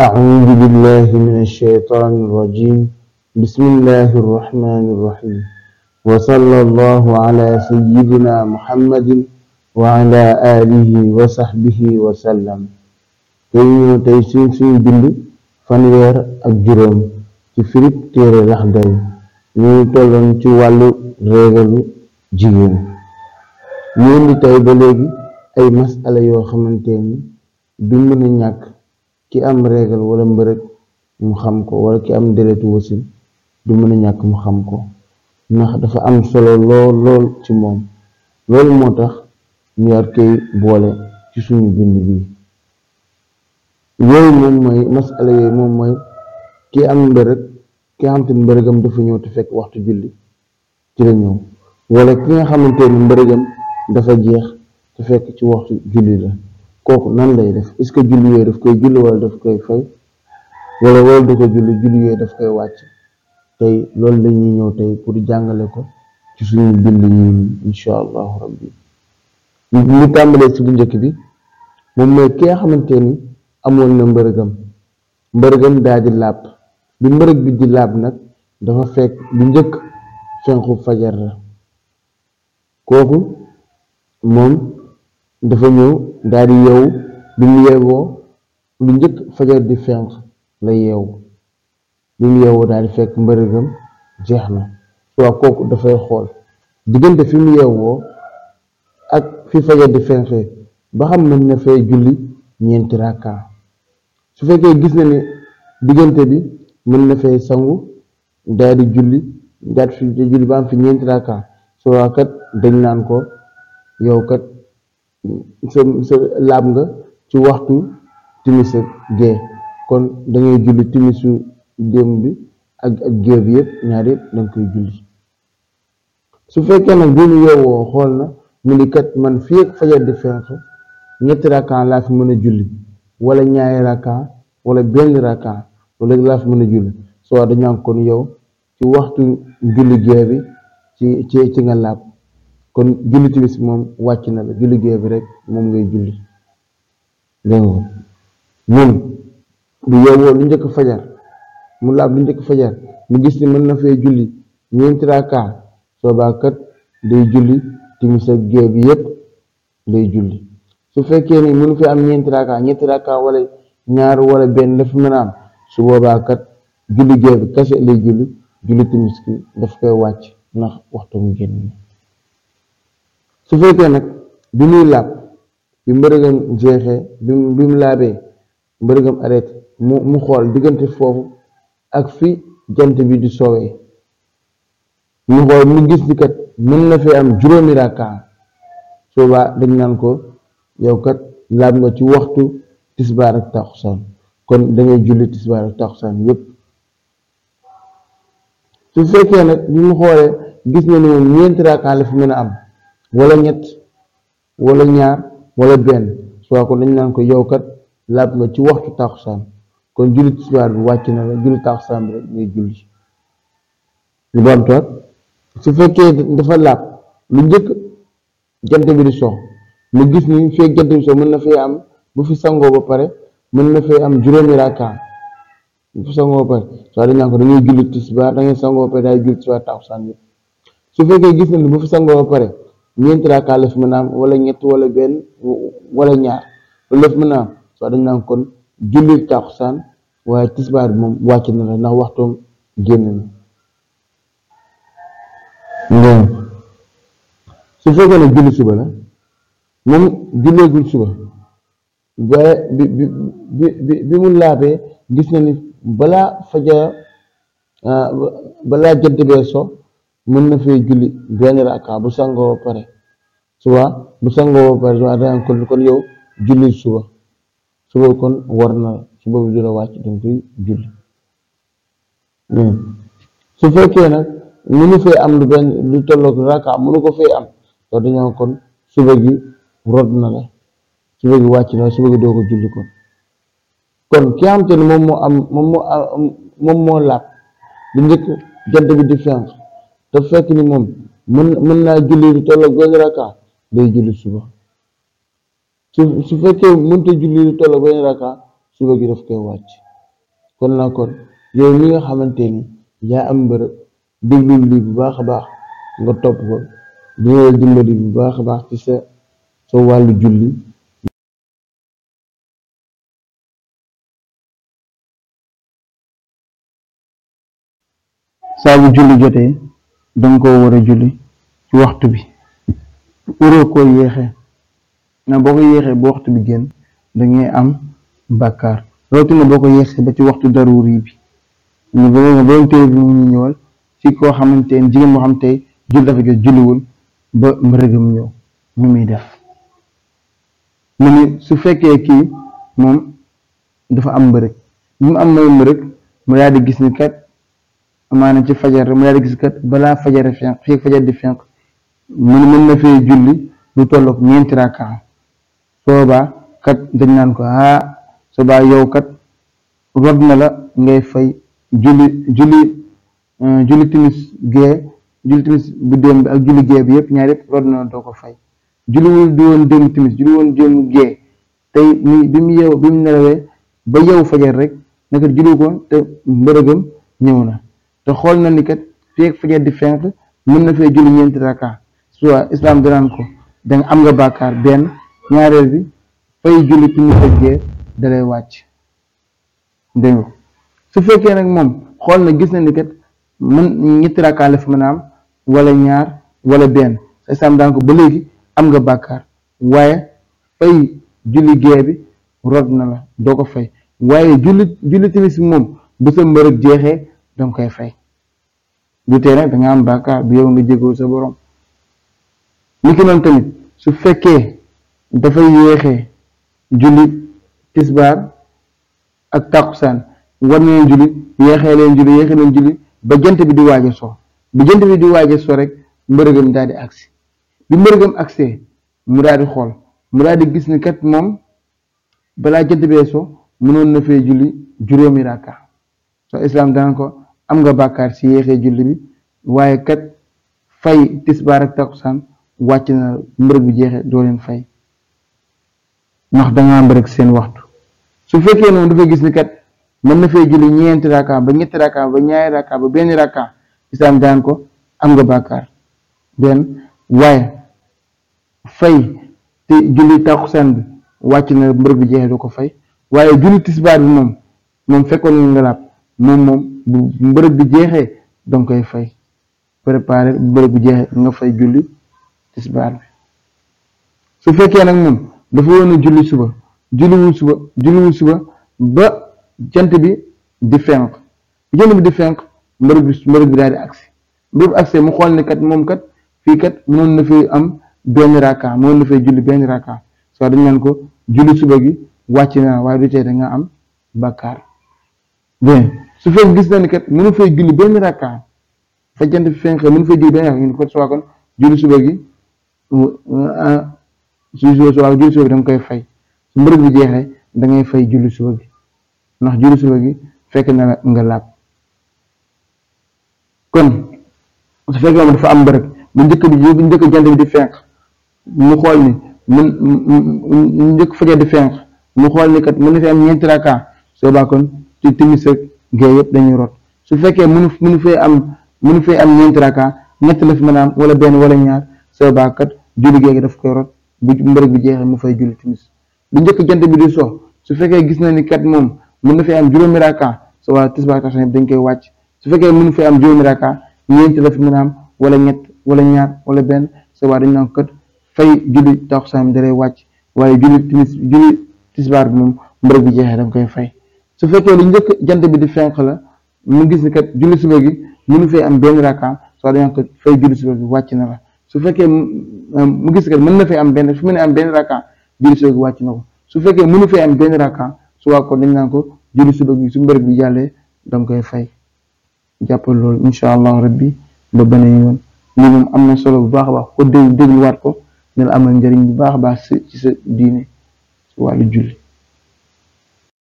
أعوذ بالله من الشيطان الرجيم بسم الله الرحمن الرحيم وصلى الله على سيدنا محمد وعلى آله وصحبه وسلم tey ñu tey suñ suñ bind fanweer ak juróom ci firib téere Laxdari ñu tolloon ci wàllu réegalu jigéen ñu indi tey ba léegi ay masala yoo xamante ni du mën ki am reegal wala mbërëg mu xam ko wala ki am deretu wasin du mën ñàkk mu xam ko ndax dafa am solo lool lool ci moom loolu moo tax mu war koy boole ci suñu bind bi yooyu moom mooy masala moom mooy ki am mbërëg ki nga xamante ni mbërëgam dafa ñëw te fekk waxtu julli ci la ñëw wala ki nga xamante ni mbërëgam dafa jeex te fekk ci waxtu julli la kooku nan lay def est ce que julli yooyu daf koy julli wala daf koy fay wala wala du ko julli julli yooyu daf koy wàcc tey loolu la ñuy ñëw tey pour jàngale ko ci suñu bind yi incha allahu rabbi ñu tàmbalee ci bu njëkk bi moom mooy ki nga xamante ni amoon na mbërëgam mbërëgam daa di laab bi mbërëg bi di laab nag dafa fekk bu njëkk fenku fajar la kooku moom dafa ñëw daal di yeewu bi mu yeewoo lu njëkk fajar di fenq la yeewu bi mu yeewoo daal di fekk mbërëgam jeex na soo kooku dafay xool diggante fi mu yeewoo ak fi fajar di fenqee ba xam nañ ne fay julli ñeenti rakka su fekkee gis na ne diggante bi mën na fay sangu daal di julli daal fi julli ba am fi ñeenti rakka soo kat dañ naan ko yow kat sa nga ci waxtu timis ak gee kon timisu démb bi ak ak gee bi su fekkee nag bi mu yeewoo xool na mu ni kat man fii ak fajar di fenk ñetti rakan laa fi mën a julli wala ñaari rakan wala benn rakan wala laa fi mën a julli soo dañu am kon yow ci waxtu julli gee bi ci ci ci nga laab kon julli timis moom wàcc na la julli gee bi rek moom ngay julli dégg nga ñun bu yeewoo lu njëkk fajar mu laab lu njëkk fajar mu gis ni mën na fee julli ñeenti raaka soobaa kat day julli timis ak gee bi yépp day julli su fekkee ni mënu fee am ñeenti raaka ñetti raaka wala ñaar wala benn daf mën a am su boobaa kat julli gee bi kase lay julli julli timis ki daf koy wàcc ndax waxtu mu génn su fekkee nag bi muy laab bi mbërëgam jeexee bi bi mu laabee mbërëgam arrêté mu mu xool diggante foofu ak fi jant bi di soowee mu xool mu gis ni kat mën na fi am juróomi rakkaa soobaa dañ naan ko yow kat laab nga ci waxtu tisbaar ak taxusaan kon dangay julli tisbaar ak taxusaan yépp su fekkee nag bi mu xoolee gis na ni moom ñeenti rakkaa la fi mën a am wala ñett wala ñaar wala benn soo ko dañ yow kat laab nga ci waxtu tàkkusaan kon julli tisbaar bi wàcc na la julli tàkkusaan bi rek su fekkee dafa laab lu njëkk jant bi di sox mu gis ni fee jant bi sox mën na fee am bu fi sangoo ba pare mën na fee am juróomi raakaan bu fi sangoo ba pare soo tisbaar dangay sangoo ba pare daay julli tisbaar tàkkusaan bi su fekkee gis na ni bu fi sangoo ba pare ñeenti rakaa la fi mën a am wala ñett wala benn wala ñaar loolu la fi mën soo dañ naan kon julli tàkkusaan waaye tisbaar moom wàcc na la ndax waxtoom génn na su fekkee ne julli suba la moom julleegul suba bi bi bi bi mu laabee gis na ni balaa fajar ah, balaa jën bee so mën na fee julli benn raka bu sangoo ba pare suba bu sangoo ba pare suba daan kon kon yow julli suba suba kon war na suba bi julli hmm. su fekkee nag mënu fee am lu benn lu tolloog raka ko fee am to dañoo kon suba gi rod na la suba gi wàcc na la suba doo ko julli kon kon ki xam te ne moom moo am moom moo laab bu njëkk jant bi di fenk te fekk ni moom mën mën naa julli lu toll ak benn raka day julli suba su su fekkee mënta julli lu toll ak suba gi daf koy wàcc kon naa kon yow mi nga xamante ni yaa am bërëb déglu lii bu baax a baax nga topp ko dina la dimbali bu baax a baax ci sa sa wàllu julli saa julli jotee danga koo war a julli ci waxtu bi waroo koo yéexee na boo ko yéexee ba waxtu bi génn dangay am bàkkaar rawatina boo ko yéexee ba ci waxtu daruri bi ñu bëgg nga benn téere bi mu ñëwal ci koo xamante jigéen boo xam tey julli dafa jot julliwul ba mbërëgam ñëw nu muy def mu ni su fekkee kii moom dafa am mbërëg mu am may mbërëg mu daal di gis ni kat amaana ci fajar mu daal di gis balaa fajar fenk fii fajar di fenk mën mën na fee julli lu tolloog ñeenti rakka soobaa kat dañ naan ko ah soobaa yow kat rod na la ngay fay julli julli euh, julli timis gee julli timis bu démb bi ak julli gee bi yëpp ñaar yëpp rod na la doo ko fay julli woon du woon démb timis julli woon démb gee tey bi mu yeew bi mu nelawee ba yow fajar rek naka julli ko te mbërëgam ñëw na te xool na ni kat feeg di fenk mën na fee julli ñeenti raka soit islam danaan ko da am nga bàkkaar benn ñaareel bi fay julli timis ak gee dalay wàcc dégg nga su fekkee nag moom xool na gis na ni kat mën ñetti raka la fi mën walla ñaar walla benn islam daan ko ba léegi am nga bàkkaar waaye fay julli gee bi rod na la doo ko fay waaye julli julli timis moom bu sa mbërëg jeexee danga koy fay du tee nag danga am bàkkaar bi yow nga jégalu sa borom li ki noonu tamit su fekkee dafay yéexee julli tisbaar ak takkusaan war na julli yéexee leen julli yéexee ba jant bi di waaje so bu jant bi di waaje so rek mbërëgam daal di agsi bi mbërëgam agsee mu daal di xool mu daal di gis ni kat moom balaa jant bee so mënoon na fee julli juróomi ràkka so islam daan ko am nga bàkkaar si yéexee julli bi waaye kat fay tisbaar ak takusaan wàcc na mbërëg bi jeexee doo fay ndax dangaa seen waxtu su fekkee noonu dafa gis ni kat mën na fee julli ñeenti raka ba ñetti raka ba ñaari raka ba benn raka islaam ko am nga bàkkaar benn waaye fay te julli takusaan bi wàcc na mbërëg bi jeexee ko fay waaye julli tisbaar bi moom moom fekkoon nga laab moom moom bu mbërëg bi jeexee danga koy fay préparé bu mbërëg bi jeexee nga fay julli tisbaar bi su fekkee nag moom dafa woon a julli suba julliwul suba julliwul ba jant bi di fenk jant bi di fenk mbërëg bi mbërëg bi daal di agsi mbërëg agsi mu xool ne kat moom kat fii kat mënoon na fay am benn raka noonu na fay julli benn raka soo dañ naan ko julli suba gi wàcc naa waaye du tey da am bakkaar su fekkee gis nañ kat mënu fay julli benn rakkaat fa jant fi fenk mënu fay julli benn rakkaat ñun gi su ah, suba julli nga koy fay su mbërëg bi jeexee fay julli suba ndax julli suba na nga laab kon bu njëkk bi bu njëkk jant bi di fenk mu xool ni soo baa kon ci timis géey yëpp dañuy rot su fekkee mënu mënu fee am mënu fee am ñeenti raka ñett la fi mën a am wala benn walla ñaar soo baakat julli géey gi daf koy rot bu mbërëg bi jeexee mu fay julli timis lu njëkk jant bi di so su fekkee gis na ni kat moom mën na fee am juróomi raka so dañ koy wàcc su fekkee mënu fee am juróomi raka ñeenti la fi mën a wala ñett wala ñaar wala benn so waa dañ naan kat fay julli taxu saam dalay wàcc waaye julli timis julli tisbaar bi moom mbërëg bi jeexee dañ koy fay su fekkee lu jant bi di fenk la mu gis ni kat julli suba gi mënu fay am benn rakkaam soo dañoo ko fay julli suba gi wàcc na la su fekkee euh, mu gis kat mën na fay am benn su mu ne am benn rakkaam julli suba gi wàcc na ko su fekkee mënu fay am benn rakkaam su waa ko dañ naan ko julli suba su mbërëg bi jàllee danga koy fay jàppal loolu incha allah rabbi ba beneen yoon lii moom am na solo bu baax a baax ko déglu dégluwaat ko ne la amal njëriñ bu baax a baax ci sa diine ci wàllu julli